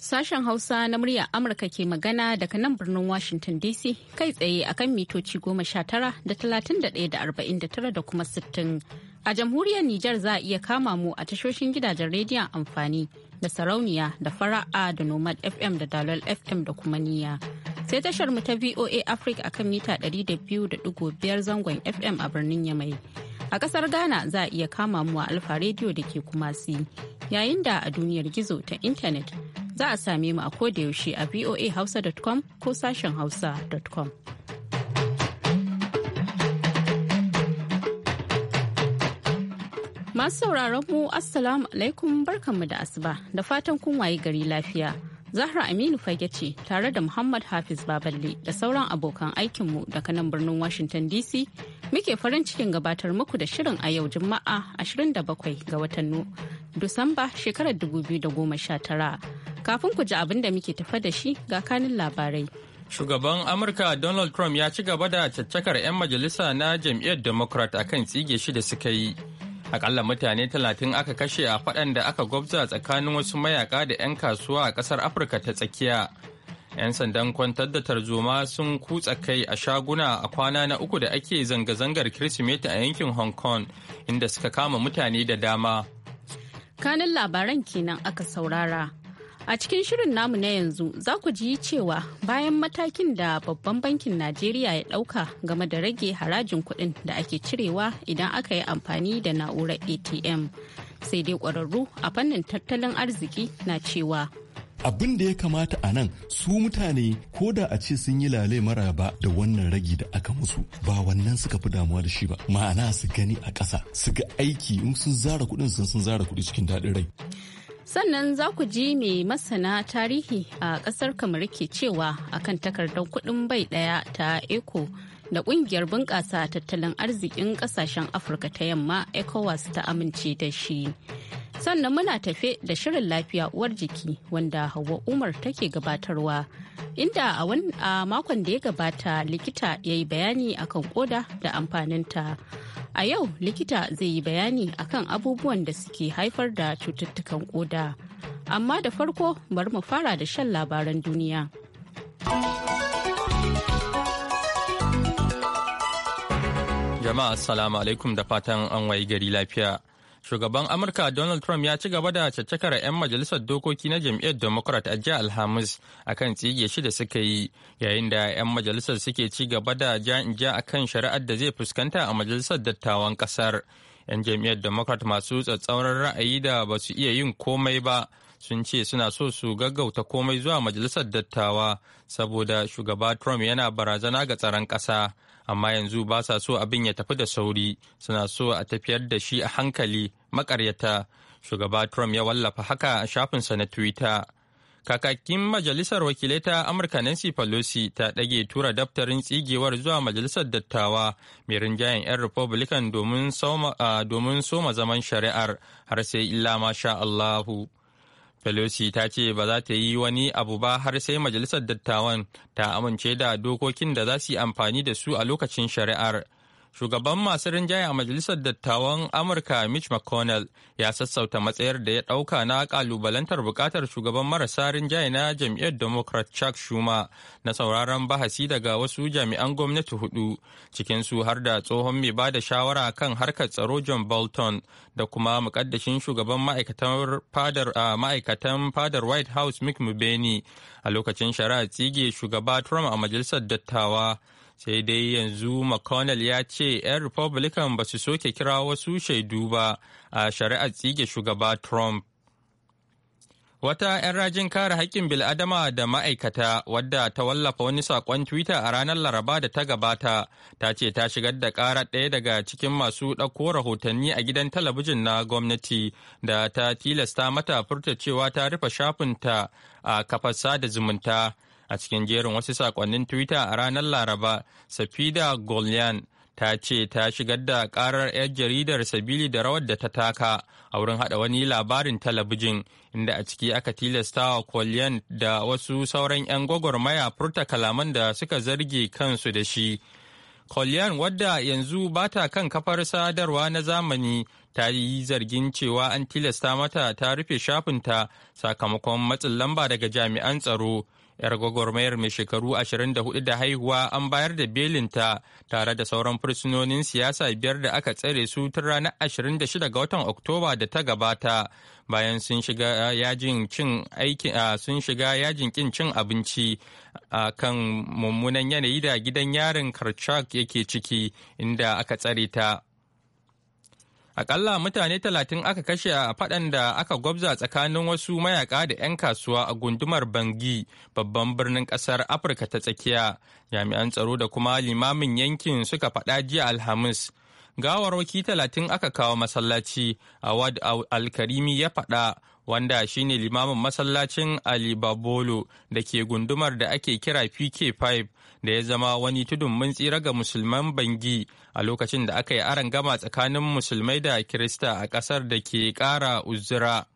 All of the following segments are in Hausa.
Sashen Hausa na muryar Amurka ke magana daga nan birnin Washington DC kai tsaye akan mitoci goma sha tara da talatin da ɗaya da arba'in da tara da kuma sittin. A jamhuriyar Nijar za a iya kama mu a tashoshin gidajen rediyon amfani da sarauniya da fara'a da nomad FM da dalol FM da kuma niya Sai tashar mu ta VOA Africa akan mita ɗari da da biyu biyar zangon FM a birnin Yamai. A kasar Ghana za a iya kama mu a Alfa rediyo da ke Kumasi. Yayin da a duniyar gizo ta intanet za a same mu a kodayaushe a voahausa.com ko sashen hausa.com. Masu sauraron mu Assalamu alaikum barkanmu da asuba da fatan kun waye gari lafiya. Zahra Aminu fage ce tare da Muhammad Hafiz Baballe da sauran abokan aikinmu daga nan birnin Washington DC muke farin cikin gabatar muku da shirin a yau Juma'a 27 ga watan Disamba shekarar 2019. Kafin ku ji abin da muke tafa da shi ga kanin labarai. Shugaban Amurka Donald Trump ya ci gaba da caccakar 'yan majalisa na jam'iyyar Democrat a kan tsige shi da suka yi. Akalla mutane talatin aka kashe a faɗan da aka gwabza tsakanin wasu mayaka da 'yan kasuwa a ƙasar Afirka ta tsakiya. 'Yan sandan kwantar da tarzoma sun kutsa kai a shaguna a kwana na uku da ake zanga-zangar Kirsimeti a yankin Hong Kong, inda suka kama mutane da dama. Kanin labaran kenan aka saurara. A cikin shirin namu na yanzu za ku ji cewa bayan matakin da babban bankin Najeriya ya ɗauka game da rage harajin kuɗin da ake cirewa idan aka yi amfani da na'urar ATM. Sai dai ƙwararru a fannin tattalin arziki na cewa abin da ya kamata a nan su mutane ko da a ce sun yi lale mara ba da wannan ragi da aka musu ba wannan suka fi damuwa da shi ba ma'ana su gani a ƙasa su ga aiki in sun zara kuɗin sun zara kuɗi cikin daɗin rai sannan za ku ji mai masana tarihi a kasar kamar ke cewa akan takardar kuɗin bai ɗaya ta eco da ƙungiyar bunƙasa tattalin arzikin ƙasashen afirka ta yamma ecowas ta amince da shi sannan muna tafe da shirin lafiya uwar jiki wanda hawa umar take gabatarwa inda a makon da ya gabata likita ya yi bayani akan koda da amfaninta a yau likita zai yi bayani akan abubuwan da suke haifar da cututtukan koda amma da farko bari mu fara da shan labaran duniya jama'a assalamu alaikum da fatan an wayi gari lafiya shugaban amurka donald trump ya ci gaba da caccakar 'yan majalisar dokoki na jam'iyyar democrat a jiya alhamis akan tsige shi da suka yi yayin da 'yan majalisar suke ci gaba da in ja akan shari'ar da zai fuskanta a majalisar dattawan kasar 'yan jam'iyyar democrat masu tsatsauran ra'ayi da ba su iya yin komai ba sun ce suna so su gaggauta komai zuwa majalisar dattawa saboda shugaba trump yana barazana ga tsaron ƙasa. amma yanzu ba sa so abin ya tafi da sauri suna so a tafiyar da shi a hankali makaryata shugaba trump ya wallafa haka a shafinsa na twitter kakakin majalisar wakilai ta amurka nancy pelosi ta ɗage tura daftarin tsigewar zuwa majalisar dattawa mai rinjayen 'yan republican domin soma ah, zaman shari'ar har sai illa masha allahu Pelosi ta ce ba za ta yi wani abu ba har sai majalisar dattawan ta amince da dokokin da za su yi amfani da su a lokacin shari'ar. Shugaban masu rinjaye a Majalisar Dattawan Amurka Mitch McConnell ya sassauta matsayar da ya ɗauka na ƙalubalantar bukatar shugaban marasa rinjaye na jam'iyyar Democrat Chuck Schumer na sauraron bahasi daga wasu jami'an gwamnati hudu, cikinsu har da tsohon mai ba da shawara kan harkar tsaro John Bolton da kuma mukaddashin shugaban ma'aikatan fadar, ma'aikatan fadar White House Mick mubeni a lokacin shari'a tsige shugaba Trump a Majalisar Dattawa. sai dai yanzu mcconnell ya ce 'yan republican ba su soke kira wasu shaidu ba a shari'ar tsige shugaba trump Wata 'yan rajin kare haƙƙin bil'adama da ma'aikata wadda ta wallafa wani saƙon Twitter a ranar Laraba da ta gabata ta ce ta shigar da ƙara ɗaya daga cikin masu ɗauko rahotanni a gidan talabijin na gwamnati da ta tilasta mata furta cewa ta rufe shafinta a kafar sada zumunta a cikin jerin wasu sakonnin twitter a ranar laraba safida golian ta ce ta shigar da karar 'yar jaridar sabili da rawar da ta taka a wurin hada wani labarin talabijin inda a ciki aka tilasta wa kolian da wasu sauran 'yan gwagwarmaya furta kalaman da suka zarge kansu da shi kolian wadda yanzu ba ta kan kafar sadarwa na zamani ta yi zargin cewa an tilasta mata ta rufe shafinta sakamakon matsin lamba daga jami'an tsaro 'yar gwagwarmayar mai shekaru 24 da haihuwa an bayar da belinta tare da sauran fursunonin siyasa biyar da aka tsare su tun ranar 26 ga watan oktoba da ta gabata bayan sun shiga yajin cin sun shiga yajin kin cin abinci a kan mummunan yanayi da gidan yarin karchak yake ciki inda aka tsare ta Akalla mutane talatin aka kashe a faɗan da aka gwabza tsakanin wasu mayaka da 'yan kasuwa a gundumar Bangi, babban birnin ƙasar Afirka ta tsakiya. Jami'an tsaro da kuma limamin yankin suka faɗa jiya Alhamis. Gawarwaki talatin aka kawo masallaci, Awad Alkarimi ya faɗa wanda shine limamin masallacin Ali Babolo da ke gundumar da ake kira PK5 da ya zama wani tudun mun tsira ga musulman bangi a lokacin da aka yi gama tsakanin musulmai da Kirista a ƙasar da ke ƙara uzura.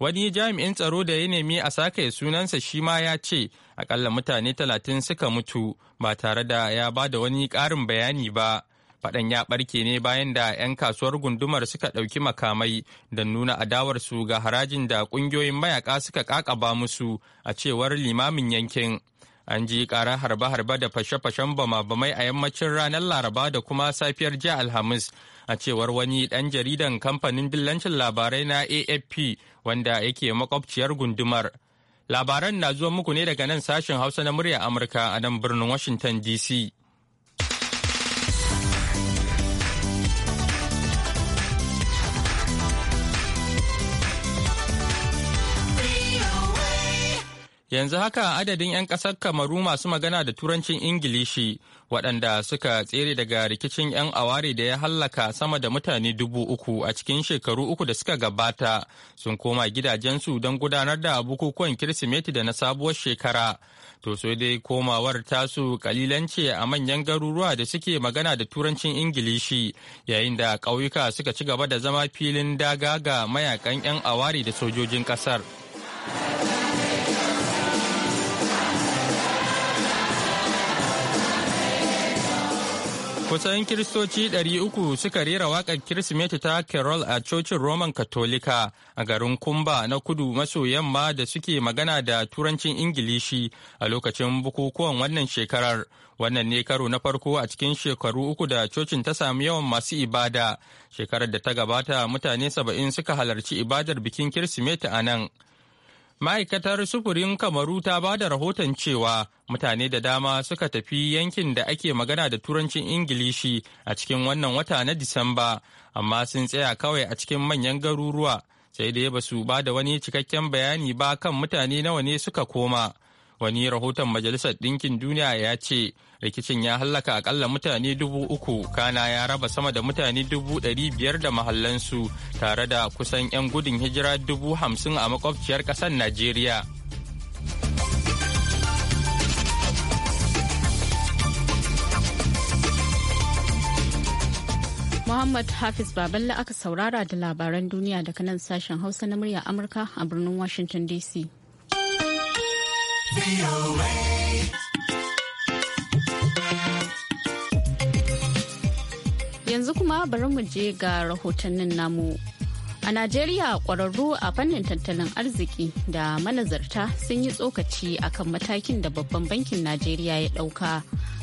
Wani jami'in tsaro da ya nemi a sake sunansa shi ma ya ce akalla mutane talatin suka mutu ba tare da ya ba da wani ƙarin bayani ba. Faɗan ya ɓarke ne bayan da 'yan kasuwar gundumar suka ɗauki makamai da nuna adawarsu ga harajin da ƙungiyoyin mayaƙa suka ƙaƙaba musu a cewar limamin yankin. An ji ƙarar harbe-harbe da fashe-fashen bama-bamai a yammacin ranar Laraba da kuma safiyar jiya Alhamis a cewar wani ɗan jaridan kamfanin dillancin labarai na AFP wanda yake makwabciyar gundumar. Labaran na zuwa muku ne daga nan sashen Hausa na murya Amurka a nan birnin Washington DC. Yanzu haka adadin 'yan ƙasar Kamaru masu magana da Turancin Ingilishi waɗanda suka tsere daga rikicin 'yan aware da ya hallaka sama da mutane dubu uku a cikin shekaru uku da suka gabata sun koma gidajensu don gudanar da bukukuwan Kirsimeti da na sabuwar shekara. To sai dai komawar tasu kalilance a manyan garuruwa da suke magana da Turancin Ingilishi yayin da ƙauyuka suka ci gaba da zama filin daga ga mayakan 'yan aware da sojojin ƙasar. Kusan Kiristoci uku suka rera waƙar Kirsimeti ta Carol a cocin Roman Katolika a garin Kumba na kudu maso yamma da suke magana da Turancin Ingilishi a lokacin bukukuwan wannan shekarar. Wannan ne karo na farko a cikin shekaru uku da cocin ta sami yawan masu ibada. Shekarar da ta gabata mutane saba'in suka halarci ibadar bikin Kirsimeti a nan. ma'aikatar sufurin kamaru ta ba da rahoton cewa mutane da dama suka tafi yankin da ake magana da turancin ingilishi a cikin wannan wata na disamba amma sun tsaya kawai a cikin manyan garuruwa sai dai ba su ba da wani cikakken bayani ba kan mutane nawa ne suka koma wani rahoton majalisar ɗinkin duniya ya ce rikicin ya hallaka akalla mutane dubu uku kana ya raba sama da mutane dubu ɗari biyar da mahallansu tare da kusan 'yan gudun hijira dubu hamsin a makwabciyar ƙasar najeriya Muhammad Hafiz Baballe aka saurara da labaran duniya daga nan sashen Hausa na murya Amurka a birnin Washington DC. yanzu kuma bari mu je ga rahotannin namu. A Najeriya kwararru a fannin tattalin arziki da manazarta sun yi tsokaci akan matakin da babban bankin Najeriya ya ɗauka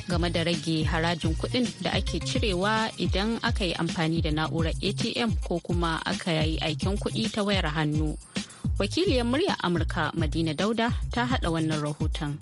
game da rage harajin kuɗin da ake cirewa idan aka yi amfani da na'urar ATM ko kuma aka yi aikin kuɗi ta wayar hannu. Wakiliyar muryar Amurka Madina Dauda ta haɗa wannan rahoton.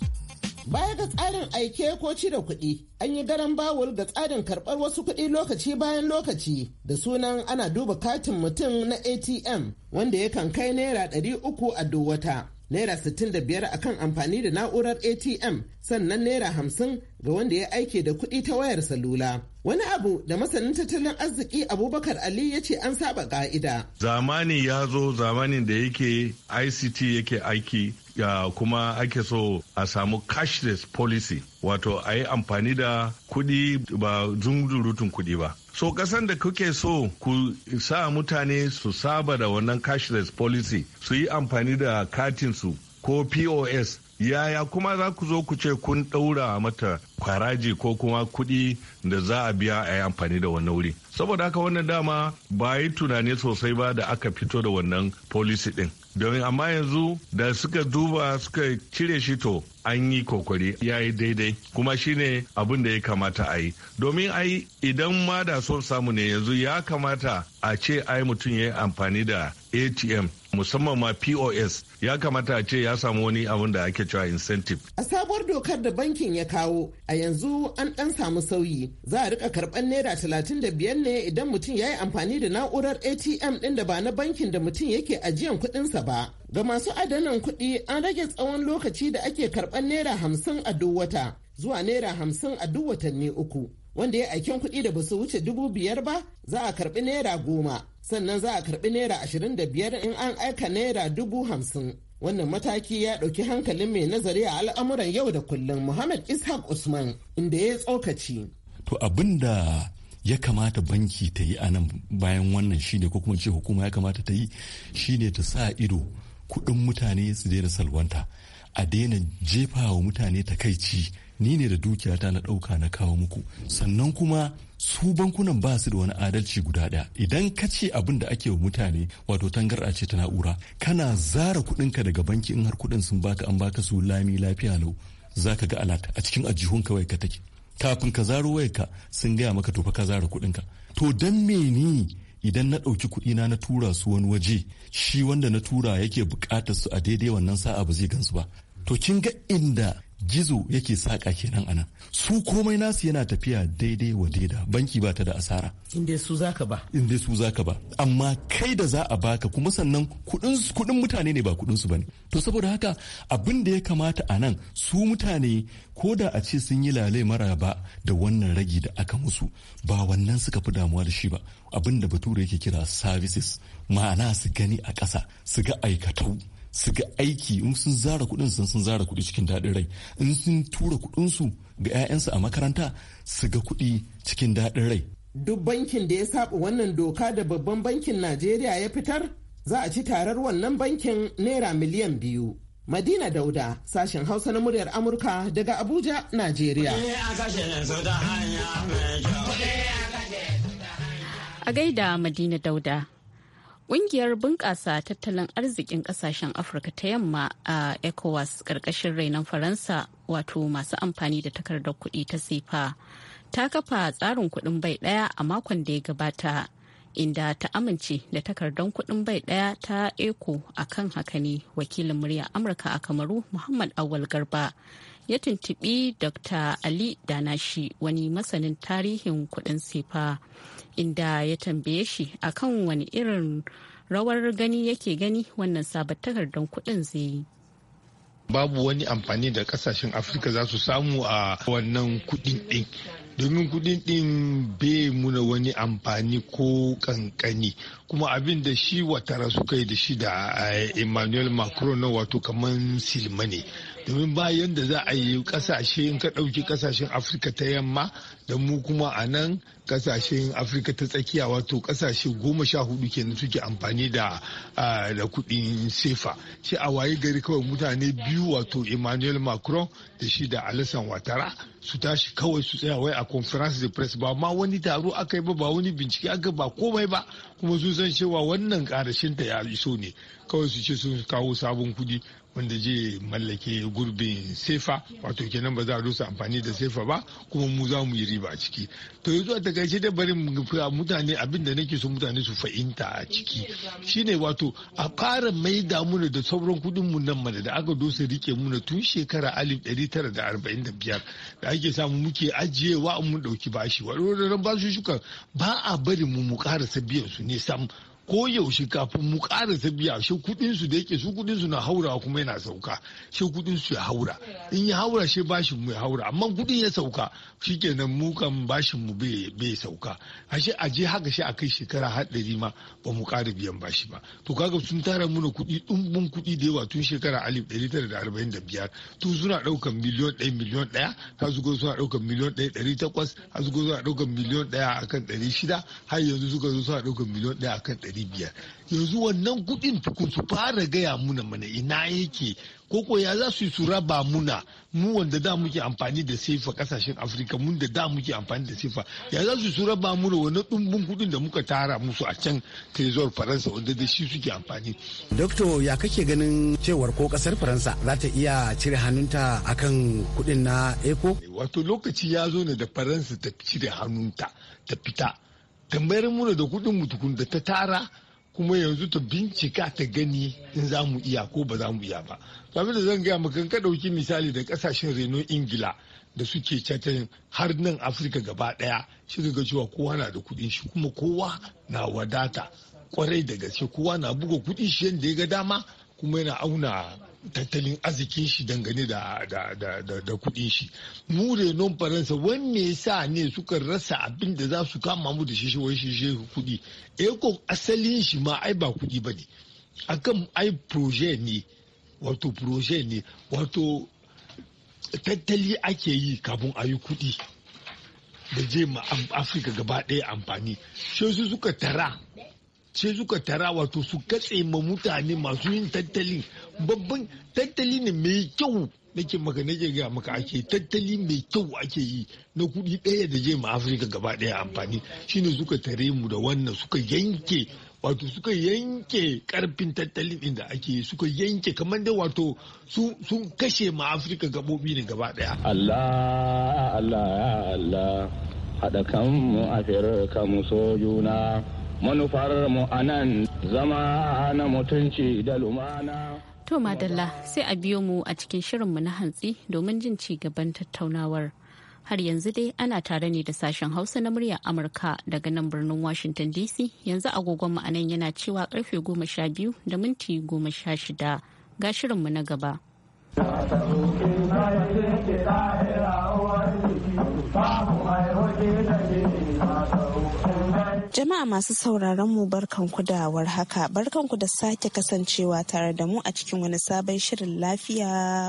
Baya ga tsarin aike ko cire kuɗi, an yi garan bawul ga tsarin karɓar wasu kuɗi lokaci bayan lokaci da sunan ana duba katin mutum na ATM wanda ya kan kai naira ɗari uku a duk naira 65 akan amfani da na'urar atm sannan naira hamsin ga wanda ya aike da kuɗi ta wayar salula wani abu da masanin tattalin arziki abubakar ali ya ce an saba ka'ida zamani ya zo zamanin da yake ict yake aiki ya kuma ake so a samu cashless policy wato a yi amfani da kuɗi ba zungurutun kuɗi ba so kasan da kuke so ku sa mutane su saba da wannan cashless policy su yi amfani da katinsu ko pos yaya kuma za ku zo ku ce kun ɗaura mata kwaraji ko kuma kuɗi da za a biya a yi amfani da wannan wuri saboda haka wannan dama ba yi tunani sosai ba da aka fito da wannan policy ɗin domin amma yanzu da suka duba suka cire shi to an yi kokari ya yi daidai kuma shine abin da ya kamata a yi domin ai idan ma da son samu ne yanzu ya kamata a ce ai mutum ya yi amfani da atm musamman ma pos ya kamata a ce ya samu wani abun da ake cewa incentive. A sabuwar dokar da bankin ya kawo a yanzu an ɗan samu sauyi za a rika karɓar naira talatin da biyar ne idan mutum ya yi amfani da na'urar ATM ɗin da ba na bankin da mutum yake ajiyan kuɗinsa ba. Ga masu adanan kuɗi an rage tsawon lokaci da ake karɓar naira hamsin a duk wata zuwa naira hamsin a duk watanni uku. wanda ya aikin kuɗi da basu wuce dubu biyar ba za a karɓi naira goma sannan za a karbi naira ashirin da biyar in an aika naira dubu hamsin wannan mataki ya ɗauki hankalin mai nazari a al'amuran yau da kullum muhammad ishaq usman inda ya tsokaci to abin da ya kamata banki ta yi a nan bayan wannan shine ko kuma ce hukuma ya kamata ta yi shine ta sa ido kuɗin mutane su daina salwanta a daina jefa wa mutane takaici ni ne da dukiyata na ɗauka na kawo muku sannan kuma su bankunan ba su da wani adalci guda ɗaya idan ka ce abin da ake wa mutane wato tangarɗa ce ta na'ura kana zara kuɗinka daga banki in har kuɗin sun baka an baka su lami lafiya lau za ka ga alata a cikin ajihun kawai ka take kafin ka zaro wayarka sun gaya maka to fa ka zara kuɗinka to dan meni idan na ɗauki kuɗina na tura su wani waje shi wanda na tura yake buƙatar su a daidai wannan sa'a ba zai gansu ba to kin ga inda gizo yake saƙa kenan anan su komai nasu yana tafiya daidai wa daida banki ba ta da asara inda su zaka ba inda su zaka ba amma kai da za a baka kuma sannan kudin mutane ne ba kudin su bane to saboda haka abin da ya kamata a nan su mutane ko da a ce sun yi lale mara ba da wannan ragi da aka musu ba wannan suka fi damuwa da shi ba abin da bature yake kira services ma'ana su gani a ƙasa su ga aikatau su ga aiki in sun zara kuɗin sun sun zara kuɗi cikin daɗin rai in sun tura su ga 'ya'yansu a makaranta su ga kuɗi cikin daɗin rai. Duk bankin da ya saba wannan doka da babban bankin Najeriya ya fitar za a ci tarar wannan bankin naira miliyan biyu. Madina Dauda, sashen Hausa na muryar Amurka daga Abuja, Najeriya. A gaida Madina Dauda. Ƙungiyar bunƙasa tattalin arzikin ƙasashen Afirka ta yamma a ECOWAS ƙarƙashin rainon Faransa wato masu amfani da takardar kuɗi ta sifa ta kafa tsarin kuɗin bai ɗaya a makon da ya gabata inda ta amince da takardar kuɗin bai ɗaya ta eco a kan haka ne wakilin murya amurka a kamaru muhammad awal garba ya tuntubi dr ali danashi wani masanin tarihin kuɗin sifa inda ya tambaye shi akan wani irin rawar gani yake gani wannan sabon takardar kuɗin zai yi. Babu wani amfani da kasashen Afirka za su samu a wannan kuɗin ɗin. domin kudin din bai muna wani amfani ko kankani kuma abin da shi watara suka yi da shi da eh, emmanuel macron na wato kamar silmani domin bayan da za a yi kasashe in ka ɗauki kasashen afirka ta yamma da mu kuma a nan kasashen afirka ta tsakiya wato kasashe goma sha hudu kenan suke amfani da da kuɗin sefa shi a waye gari kawai mutane biyu wato emmanuel macron da shi da alisan watara su tashi kawai su tsaya wai a conference de presse ba ma wani taro aka yi ba ba wani bincike aka ba komai ba kuma sun san cewa wannan karashin ta ya iso ne kawai su ce sun kawo sabon kudi wanda zai mallake gurbin sefa wato kenan ba za a rusa amfani da sefa ba kuma mu za mu yi riba a ciki to yanzu a takaice da bari mutane abin da nake so mutane su fahimta a ciki shine wato a fara mai damuna da sauran kudin mu nan mana da aka dosa rike muna tun shekara alif ɗari tara da arba'in da biyar da ake samu muke ajiyewa mu ɗauki bashi waɗannan basu shukan ba a bari mu mu karasa biyan su ne sam ko yaushe kafin mu karasa biya shi kudin su da yake su kudin su na haura kuma yana sauka shi kudin su ya haura in ya haura shi bashin mu ya haura amma kudin ya sauka shikenan mu kan bashin mu bai sauka ashe aje haka shi kai shekara haɗari ma ba mu ƙara biyan bashi ba to kaga sun tara muna kudi dumbun kudi da yawa tun shekara alif ɗari tara da arba'in da biyar tun suna ɗaukan miliyon ɗaya miliyon ɗaya har su suna ɗaukan miliyon ɗaya ɗari takwas har su suna ɗaukan miliyon ɗaya akan ɗari shida har yanzu suka zo suna ɗaukan miliyon ɗaya akan ɗari ɗari biyar yanzu wannan kuɗin tukun su fara gaya muna mana ina yake koko ya za su yi su raba muna mu wanda da muke amfani da sefa kasashen afirka mun da da muke amfani da sefa ya za su su raba muna wani ɗumbin kuɗin da muka tara musu a can trezor faransa wanda da shi suke amfani. dokto ya kake ganin cewar ko kasar faransa za ta iya cire hannunta akan kuɗin na eco. wato lokaci ya zo ne da faransa ta cire hannunta ta fita ta mayar muna da kuɗin mu tukun da ta tara kuma yanzu ta bincika ta gani in za mu iya ko ba za mu iya ba abin da zan gaya maka ka ɗauki misali da ƙasashen reno ingila da suke catan har nan afirka gaba ɗaya shi ga cewa kowa na da kuɗin shi kuma kowa na wadata kwarai da gaske kowa na buga kuɗin shi yadda ya ga dama kuma yana auna tattalin arzikin shi dangane da da kudin shi mu renon faransa wanne yasa ne suka rasa abin da za su kama mu da shi wai shi kudi eko eh asalin shi ma ai ba kudi bane kan ai proje ne wato proje ne wato tattali ake yi kafin a yi kudi da je ma afirka gaba ɗaya amfani sai su suka tara sai suka tara wato su katse ma mutane masu yin tattalin babban tattali ne mai kyau nake maka nake ga maka ake tattali mai kyau ake yi na kudi ɗaya da je ma afirka gaba ɗaya amfani shine suka tare mu da wannan suka yanke wato suka yanke karfin tattalin inda ake suka yanke kamar dai wato sun kashe ma afirka gabobi ne gaba daya allah allah ya allah haɗa kan mu afirka mu so juna manufar mu anan zama na mutunci da lumana To Madalla sai a biyo mu a cikin shirin mu na hantsi domin jin ci gaban tattaunawar. Har yanzu dai ana tare ne da sashen Hausa na muryar Amurka daga nan birnin Washington DC yanzu agogon mu anan yana cewa karfe goma sha biyu da minti goma sha shida ga shirinmu na gaba. Babu mai da Jama'a masu sauraron mu barkanku da warhaka barkanku da sake kasancewa tare da mu a cikin wani sabon shirin lafiya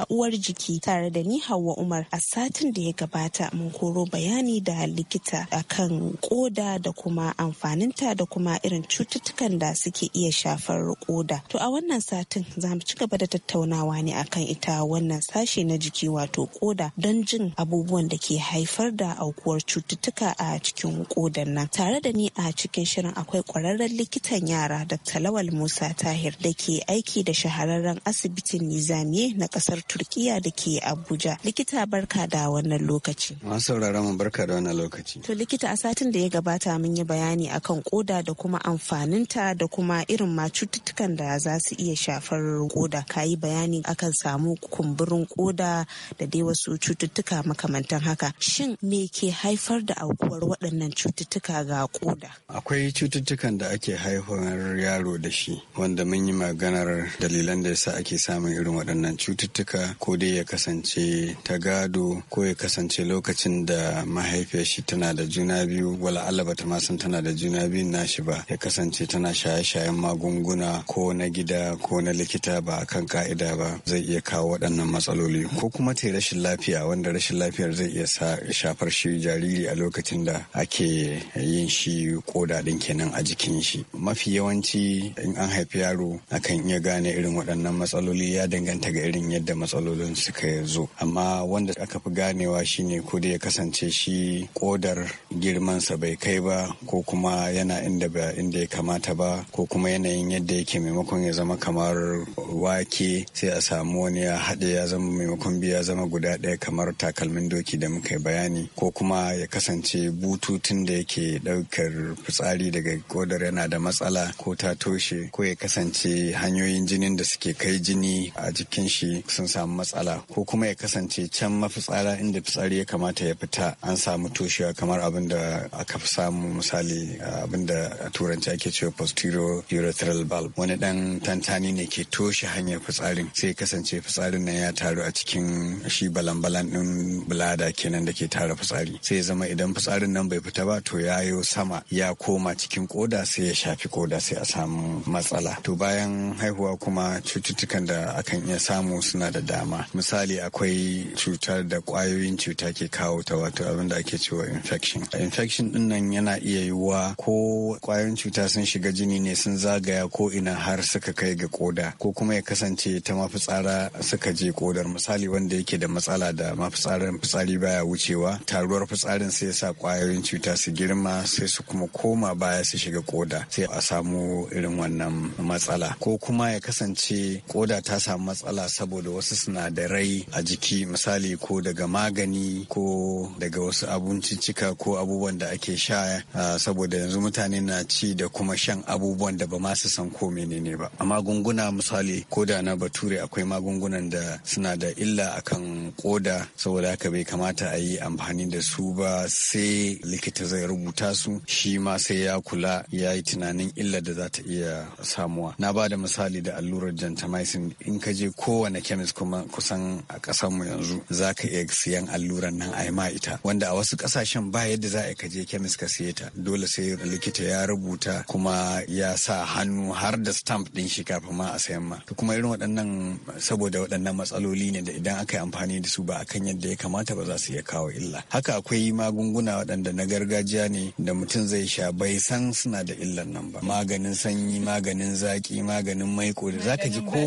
uwar jiki tare da ni Hauwa Umar a satin da ya gabata mun koro bayani da likita akan koda da kuma amfaninta da kuma irin cututtukan da suke iya shafar koda. To a wannan satin za mu ci gaba da tattaunawa ne akan ita wannan sashe na jiki wato koda don jin abubuwan da ke haifar da aukuwar cututtuka a cikin kodan nan tare da ni a cikin shirin akwai ƙwararren likitan yara da Talawal Musa Tahir da ke aiki da shahararren asibitin Nizamiye na ƙasar Turkiya da ke Abuja. Likita barka da wannan lokaci. Masu sauraron barka da wannan lokaci. To likita a satin da ya gabata mun yi bayani akan koda da kuma amfaninta da kuma irin ma cututtukan da za su iya shafar koda. Ka yi bayani akan samu kumburin koda da dai wasu cututtuka makamantan haka. Shin me ke haifar da aukuwar waɗannan cututtuka ga koda? Akwai cututtukan da ake haifar yaro da shi wanda mun yi maganar dalilan da yasa ake samun irin waɗannan cututtuka ko dai ya kasance ta gado ko ya kasance lokacin da mahaifiyar shi tana da juna biyu wala Allah bata ma san tana da juna biyun nashi ba ya kasance tana shaye-shayen magunguna ko na gida ko na likita ba kan ka'ida ba zai iya kawo waɗannan matsaloli ko kuma ta rashin lafiya wanda rashin lafiyar zai iya shafar shi jariri a lokacin da ake yin shi koda din kenan a jikin shi mafi yawanci in an haifi yaro akan iya gane irin waɗannan matsaloli ya danganta ga irin yadda matsalolin suka zo amma wanda aka fi ganewa shine ko da ya kasance shi kodar girmansa bai kai ba ko kuma yana inda ba inda ya kamata ba ko kuma yanayin yadda yake maimakon ya zama kamar wake sai a samu wani ya haɗe ya zama maimakon biya zama guda ɗaya kamar takalmin doki da muka bayani ko kuma ya kasance bututun da yake ɗaukar fitsari daga kodar yana da matsala ko ta toshe ko ya kasance hanyoyin jinin da suke kai jini a jikin shi sun samu matsala ko kuma ya kasance can mafitsara inda fitsari ya kamata ya fita an samu toshewa kamar abin da aka fi samu misali abin da a turanci ake cewa posterior urethral valve wani dan tantani ne ke toshe hanyar fitsarin sai kasance fitsarin nan ya taru a cikin shi balan-balan din bulada kenan da ke tara fitsari sai zama idan fitsarin nan bai fita ba to ya yayo sama ya ya koma cikin koda sai ya shafi koda sai a samu matsala to bayan haihuwa kuma cututtukan da akan iya samu suna da dama misali akwai cutar da kwayoyin cuta ke kawo ta wato abin da ake cewa infection infection din nan yana iya yiwuwa ko kwayoyin cuta sun shiga jini ne sun zagaya ko ina har suka kai ga koda ko kuma ya kasance ta mafitsara suka je kodar misali wanda yake da matsala da mafitsarar fitsari baya wucewa taruwar fitsarin sai ya sa kwayoyin cuta su girma sai su kuma koma baya su shiga koda sai a samu irin wannan matsala ko kuma ya kasance koda ta samu matsala saboda wasu sinadarai a jiki misali ko daga magani ko daga wasu abincicika ko abubuwan da ake sha saboda yanzu mutane na ci da kuma shan abubuwan da ba ma su san ko menene ba a magunguna misali koda na bature akwai magungunan da suna da illa akan koda saboda haka bai kamata a yi amfani da su ba sai likita zai rubuta su shi ma sai ya kula ya yi tunanin illar da za ta iya samuwa na ba da misali da allurar gentamicin in ka je kowane kemis kuma kusan a mu yanzu za ka iya siyan alluran nan a ma ita wanda a wasu kasashen ba yadda za a ka je kemis ka siye ta dole sai likita ya rubuta kuma ya sa hannu har da stamp din shi kafin ma a sayan ma kuma irin waɗannan saboda waɗannan matsaloli ne da idan aka yi amfani da su ba akan yadda ya kamata ba za su iya kawo illa haka akwai magunguna waɗanda na gargajiya ne da mutum zai sha bai san suna da illan nan ba maganin sanyi maganin zaki maganin maiko da zaka ji ko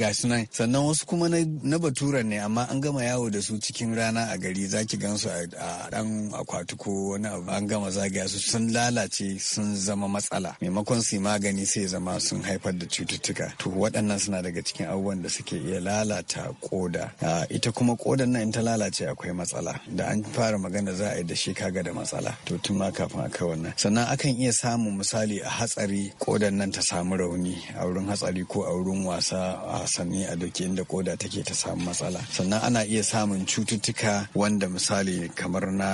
ga nan sannan wasu kuma na batura ne amma an gama yawo da su cikin rana a gari zaki gansu a dan akwati ko wani abu an gama zagaya su sun lalace sun zama matsala maimakon su magani sai zama sun haifar da cututtuka to waɗannan suna daga cikin abubuwan da suke iya lalata koda ita kuma kodan nan in ta lalace akwai matsala da an fara magana za a yi da shi kaga da matsala to tun ma kafin a kai wannan sannan akan iya samun misali a hatsari kodan nan ta samu rauni a wurin hatsari ko a wurin wasa a sanni a doki inda koda take ta samu matsala sannan ana iya samun cututtuka wanda misali kamar na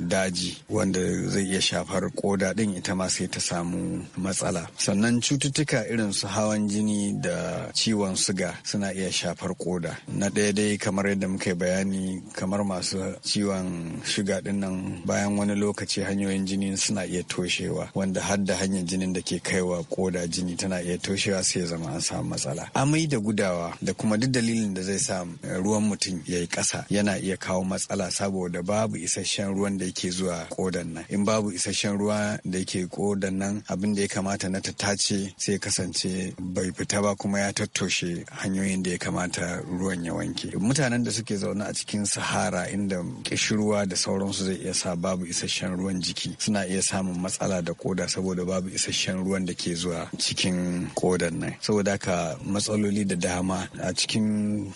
daji wanda zai iya shafar koda din ita ma sai ta samu matsala sannan cututtuka irin su hawan jini da ciwon suga suna iya shafar koda na ɗaya dai kamar yadda muka yi bayani kamar masu ciwon shiga dinnan bayan wani lokaci hanyoyin jini suna tana iya toshewa wanda har da hanyar jinin da ke kaiwa koda jini tana iya toshewa sai ya zama an samu matsala amai da gudawa da kuma duk dalilin da zai sa eh, ruwan mutum ya yi ƙasa yana iya kawo matsala saboda babu isasshen ruwan da yake zuwa kodan nan in babu isasshen ruwa da yake kodan nan abin da ya kamata na ta tace sai kasance bai fita ba kuma ya tattoshe hanyoyin da ya kamata ruwan ya wanke mutanen da suke zaune a cikin sahara inda kishirwa da sauransu zai iya sa babu isasshen ruwan jiki suna iya samun matsala da koda saboda babu isasshen ruwan da ke zuwa cikin kodan nan saboda haka matsaloli da dama a cikin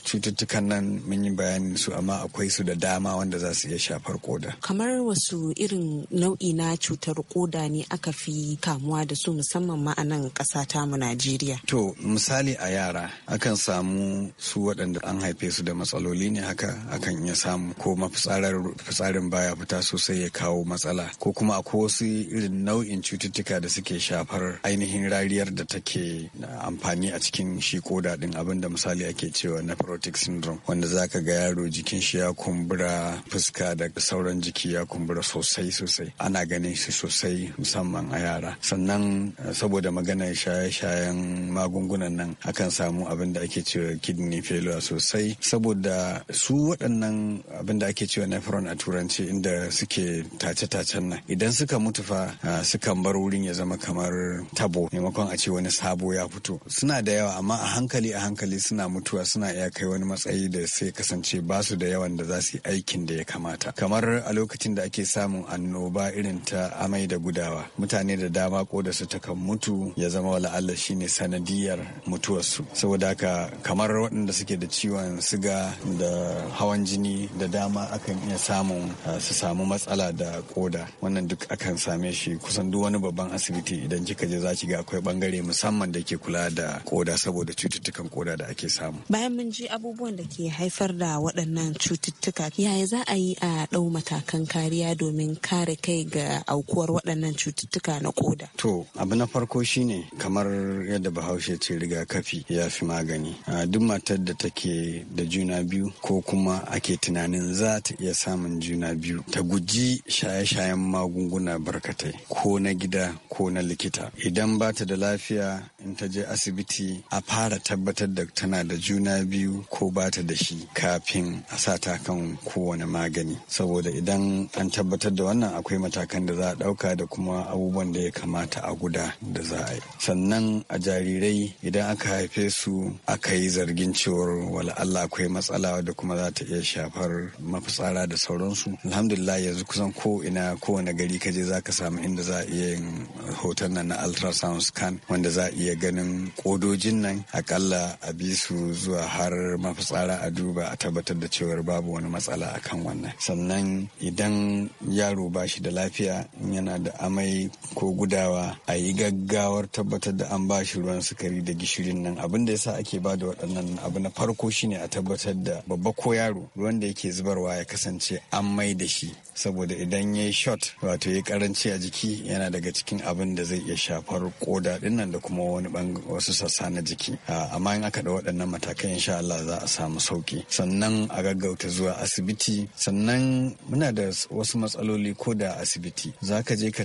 cututtukan nan mun yi bayanin su amma akwai su da dama wanda za su iya shafar koda kamar wasu irin nau'i na cutar koda ne aka fi kamuwa da su musamman ma a nan ƙasa ta mu Najeriya to misali a yara akan samu su waɗanda an haife su da matsaloli ne haka akan iya samu ko mafitsarar fitsarin baya fita sosai ya kawo matsala ko kuma akwai wasu irin nau'in cututtuka da suke shafar ainihin rariyar da take amfani a cikin shi koda din abin da misali ake cewa nephrotic syndrome wanda zaka ga yaro jikin shi ya kumbura fuska da sauran jiki ya kumbura sosai sosai ana ganin shi sosai musamman a yara sannan eh, saboda maganar shaye-shayen magungunan nan akan samu abin da ake cewa kidney failure sosai saboda su waɗannan abin da ake cewa nephron a turanci inda suke tace-tacen nan idan suka mutu fa ah, sukan bar wurin ya zama kamar tabo maimakon a ce wani sabo ya fito suna da yawa amma a hankali a hankali suna mutuwa suna iya kai wani matsayi da sai kasance ba su da yawan da za su yi aikin da ya kamata kamar a lokacin da ake samun annoba irin ta amai da gudawa mutane da dama ko da su takan mutu ya zama wala Allah shine sanadiyar mutuwarsu saboda haka kamar waɗanda suke da ciwon siga da hawan jini da dama akan iya samun ah, su samu matsala da koda wannan duk akan kan same shi kusan duk wani babban asibiti idan kika je za ki ga akwai bangare musamman da ke kula da koda saboda cututtukan koda da ake samu. Bayan mun ji abubuwan da ke haifar da waɗannan cututtuka yaya za a yi a ɗau matakan kariya domin kare kai ga aukuwar waɗannan cututtuka na koda. To abu na farko shine kamar yadda bahaushe ce rigakafi ya fi magani. Duk matar da take da juna biyu ko kuma ake tunanin za ta iya samun juna biyu ta guji shaye-shayen magunguna barkatai ko na gida ko na likita idan ba ta da lafiya in ta je asibiti a fara tabbatar da tana da juna biyu ko ba ta da shi kafin a sa ta kan kowane magani saboda idan an tabbatar da wannan akwai matakan da za a ɗauka da kuma abubuwan da ya kamata a guda da za a yi sannan a jarirai idan aka haife su aka yi zargin cewar wala Allah akwai matsala da kuma za ta iya shafar mafitsara da sauransu alhamdulillah yanzu kusan ko ina kowane gari ka je za za ka samu inda za a iya yin hoton nan na ultrasound scan wanda za a iya ganin kodojin nan akalla a bi su zuwa har mafitsara a duba a tabbatar da cewar babu wani matsala akan wannan sannan idan yaro ba shi da lafiya yana da amai ko gudawa a yi gaggawar tabbatar da an ba shi ruwan sukari da gishirin nan abin da yasa ake ba da waɗannan abu na farko shine a tabbatar da babba ko yaro ruwan da yake zubarwa ya kasance an mai da shi saboda idan ya yi shot wato ya karanci a jiki yana daga cikin abin da zai iya shafar koda dinnan da kuma wani wasu sassa na jiki amma in aka da waɗannan matakan insha Allah za a samu sauki sannan a gaggauta zuwa asibiti sannan muna da wasu matsaloli ko da asibiti za ka je ka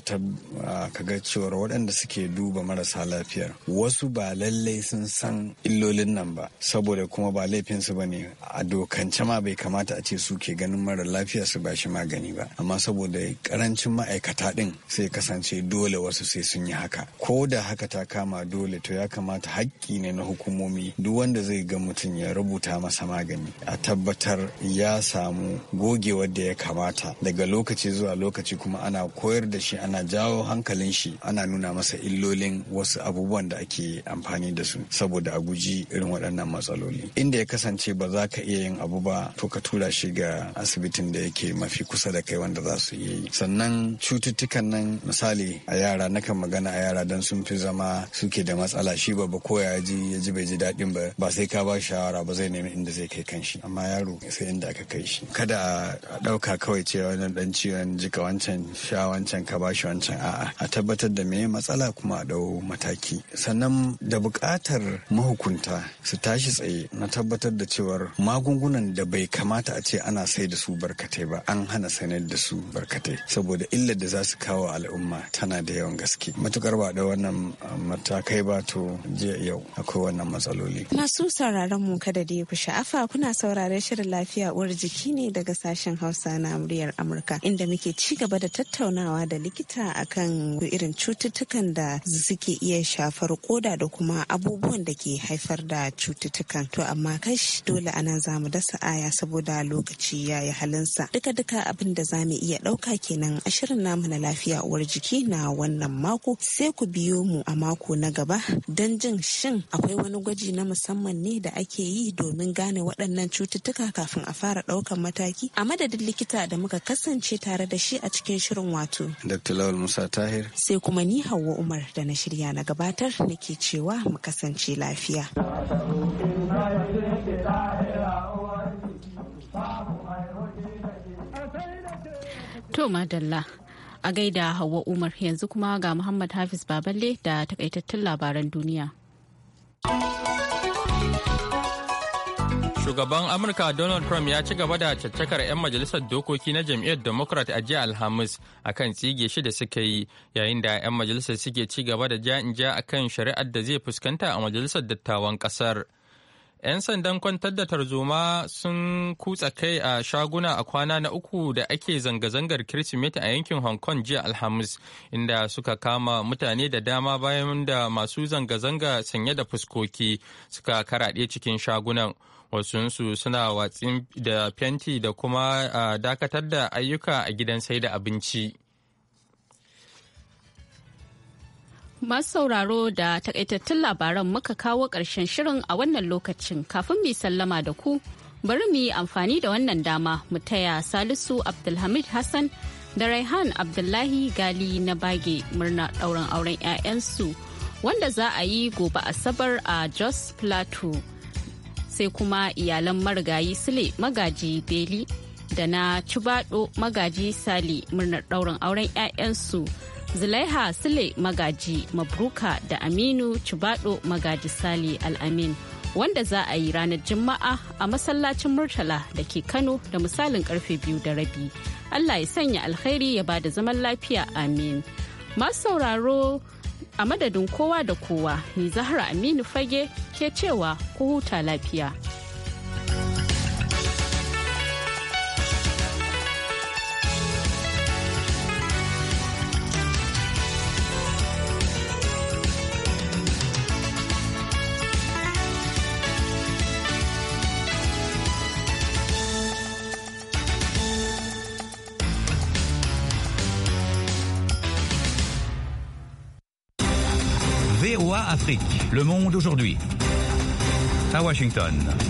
ga cewar waɗanda suke duba marasa lafiyar wasu ba lallai sun san illolin nan ba saboda kuma ba laifinsu ba ne a dokance ma bai kamata a ce su ke ganin mara lafiya su ba shi magani ba amma saboda karancin ma'aikata din sai kasance dole wasu sai sun yi haka ko da haka ta kama dole to ya kamata hakki ne na hukumomi duk wanda zai ga mutum ya rubuta masa magani a tabbatar ya samu gogewar da ya kamata daga lokaci zuwa lokaci kuma ana koyar da shi ana jawo hankalin shi ana nuna masa illolin wasu abubuwan da ake amfani da su saboda a guji irin waɗannan matsaloli inda ya kasance ba za ka iya yin abu ba to ka tura shi ga asibitin da yake mafi kusa da kai wanda za su yi sannan cututtuka cututtukan nan misali a yara na nakan magana a yara don sun fi zama suke da matsala shi ba ko ya ji ya ji bai ji daɗin ba ba sai ka ba shawara ba zai nemi inda zai kai kanshi amma yaro sai inda aka kai shi kada a ɗauka kawai cewa wannan dan ciwon jika wancan sha wancan ka ba shi wancan a'a a tabbatar da me matsala kuma a ɗau mataki sannan da buƙatar mahukunta su tashi tsaye na tabbatar da cewar magungunan da bai kamata a ce ana sai da su barkatai ba an hana sanar da su barkatai saboda illar da za su kawo al'umma tana da yawan gaske matukar ba da wannan ah, matakai ba to jiya yau akwai wannan matsaloli masu sauraron mu kada da ku sha'afa kuna saurare shirin lafiya uwar jiki ne daga sashen hausa na muryar amurka inda muke ci gaba da tattaunawa da likita akan irin cututtukan da suke iya shafar koda da kuma abubuwan da ke haifar da cututtukan to amma kash dole anan zamu mu dasa aya saboda lokaci ya yi halinsa duka-duka abin da za iya dauka kenan a shirin namu na lafiya uwar jiki na wannan mako sai ku biyo mu a mako na gaba don jin shin akwai wani gwaji na musamman ne da ake yi domin gane waɗannan cututtuka kafin a fara ɗaukan mataki a madadin likita da muka kasance tare da shi a cikin shirin wato. Dr. Lawal Musa Tahir. Sai kuma ni Hauwa Umar da na shirya na gabatar nake cewa mu kasance lafiya. To madalla A gaida Hauwa Umar yanzu kuma ga Muhammad Hafiz Baballe da takaitattun labaran duniya. Shugaban Amurka Donald Trump ya ci gaba da caccakar 'yan majalisar dokoki na jam'iyyar Democrat a jiya Alhamis akan tsige shi da suka yi yayin da 'yan majalisar suke ci gaba da ja in ja akan shari'ar da zai fuskanta a majalisar dattawan kasar. 'Yan sandan kwantar da tarzoma sun kutsa kai a shaguna a kwana na uku da ake zanga-zangar Kirsimeti a yankin Hong Kong jiya Alhamis, inda suka kama mutane da dama bayan da masu zanga-zanga sanye da fuskoki suka karaɗe cikin shagunan. Wasunsu suna watsin da fenti da kuma ah, dakatar da ayyuka a gidan sai da abinci. Masu sauraro da takaitattun labaran muka kawo ƙarshen shirin a wannan lokacin kafin mu sallama da ku bari mu yi amfani da wannan dama mu taya Salisu Abdulhamid Hassan da Raihan Abdullahi Gali na bage murna dauran auren 'ya'yansu wanda za a yi gobe Asabar a Jos Plateau. Sai kuma iyalan marigayi Sule magaji Beli da na Cibado magaji Sali murnar ɗaurin auren 'ya'yansu. zulaiha sule magaji mabruka da aminu cibado magaji sali al'amin wanda za a yi ranar juma'a a masallacin murtala da ke kano da misalin karfe biyu da rabi allah ya sanya alkhairi ya ba da zaman lafiya amin masu sauraro a madadin kowa da kowa ni zahra aminu fage ke cewa ku huta lafiya Afrique. Le monde aujourd'hui. À Washington.